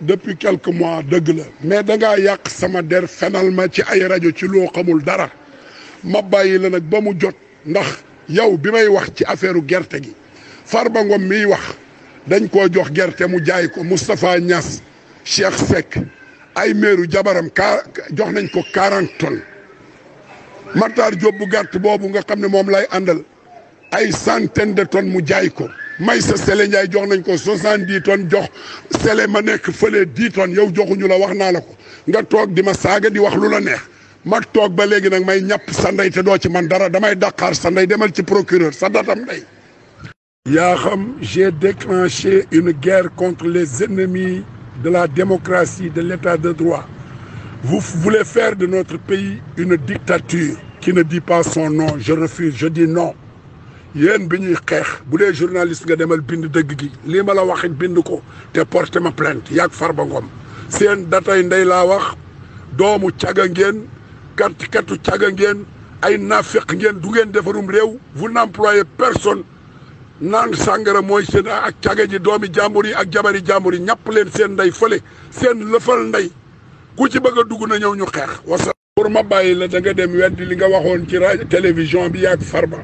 depuis quelques mois dëgg la mais da ngaa yàq sama der fenal ma ci ay rajo ci loo xamul dara ma bàyyi la nag ba mu jot ndax yow bi may wax ci affaire gerte gi ba Ngom miy wax dañ koo jox gerte mu jaay ko Moustapha Niass Cheikh Seck ay meeru jabaram ka jox nañ ko 40 tonnes Matar Diop bu gàtt boobu nga xam ne moom lay àndal ay centaine de tonnes mu jaay ko. may sa Sele Ndiaye jox nañ ko soixante-dix tonnes jox Sele ma nekk fële dix yow joxuñu la wax naa la ko nga toog di ma saaga di wax lu la neex ma toog ba léegi nag may ñàpp sa ndey te doo ci man dara damay daqaar sa ndey demal ci procureur sa datam ndey. yaa xam j'ai déclenché une guerre contre les ennemis de la démocratie de l'état de droit vous voulez faire de notre pays une dictature qui ne dit pas son nom je refuse je dis non. yéen bi ñuy xeex bu dee journaliste nga demal bind dëgg gi lii ma la waxit bind ko te porté ma plainte yàgg Farba Ngom seen datay ndey laa wax doomu caga ngeen katti kattu caga ngeen ay naafeq ngeen du ngeen defarum réew vous n'employez personne naan sangara mooy seen ak caga ji doomi jàmbur yi ak jabari jàmbur yi ñàpp leen seen ndey fële seen lëfal ndey ku ci bëgg a dugg na ñëw ñu xeex wasa pour ma bàyyi la da nga dem weddi li nga waxoon ci rajo télévision bi yàgg Farba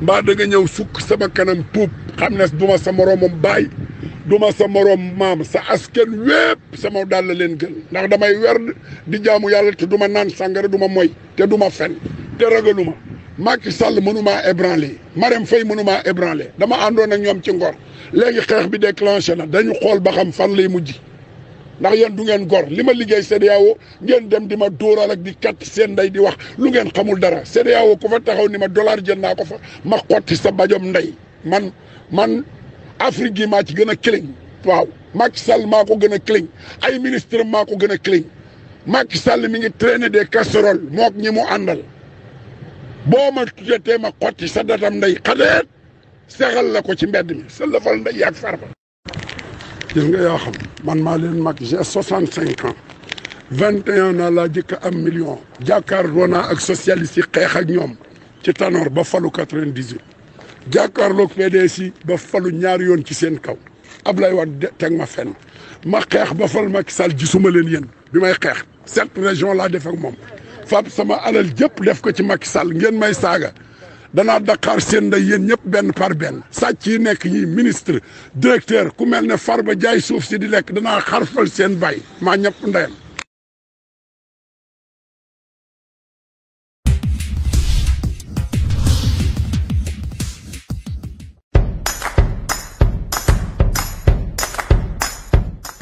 mbaa da ñëw sukk sama kanam tuub xam ne du ma sa moroomam baay du ma sa moroom maam sa askan wépp sama daal leen gën ndax damay werd di jaamu yàlla te du ma naan sàngara du ma moy te du ma fen te ragalu ma Macky Sall mënumaa ébranler Marème Faye mënumaa ébranler dama àndoon ak ñoom ci ngor léegi xeex bi déclenché na dañu xool ba xam fan lay mujj ndax yéen du ngeen gor li ma liggéey CEDEAO ngeen dem di ma dóoral ak di kat seen ndey di wax lu ngeen xamul dara CEDEAO ko fa taxaw ni ma dollar jël naa ko fa ma xotti sa bajom ndey man man Afrique gi maa ci gën a kiling waaw Macky Sall maa ko gën a kiling ay ministre maa ko gën a kiling Macky Sall mi ngi traîner de casseroles moo ñi mu àndal boo ma tuddee ma xotti sa datam ndey xadeet sexal la ko ci mbedd mi sa lëfal ndey ak farba gis nga yaa xam man maa leen mag j'ai soixante cinq ans vingt et un ans laa jëkk am million jàkkaarloo naa ak socialiste yi xeex ak ñoom ci tanoor ba falu quatre-vingt-dix-huit jàkkaarloog PDS yi ba falu ñaari yoon ci seen kaw Ablaye Wade teg ma fen ma xeex ba fal Macky Sall gisuma leen yéen bi may xeex sept région laa def ak moom fab sama alal jëpp def ko ci Macky Sall ngeen may saaga danaa Dakar seen nday yéen ñëpp benn par benn sàcc yi nekk ñi ministre directeur ku mel ne ba jaay suuf si di lekk danaa xarfal seen bay maa ñëpp ndeyam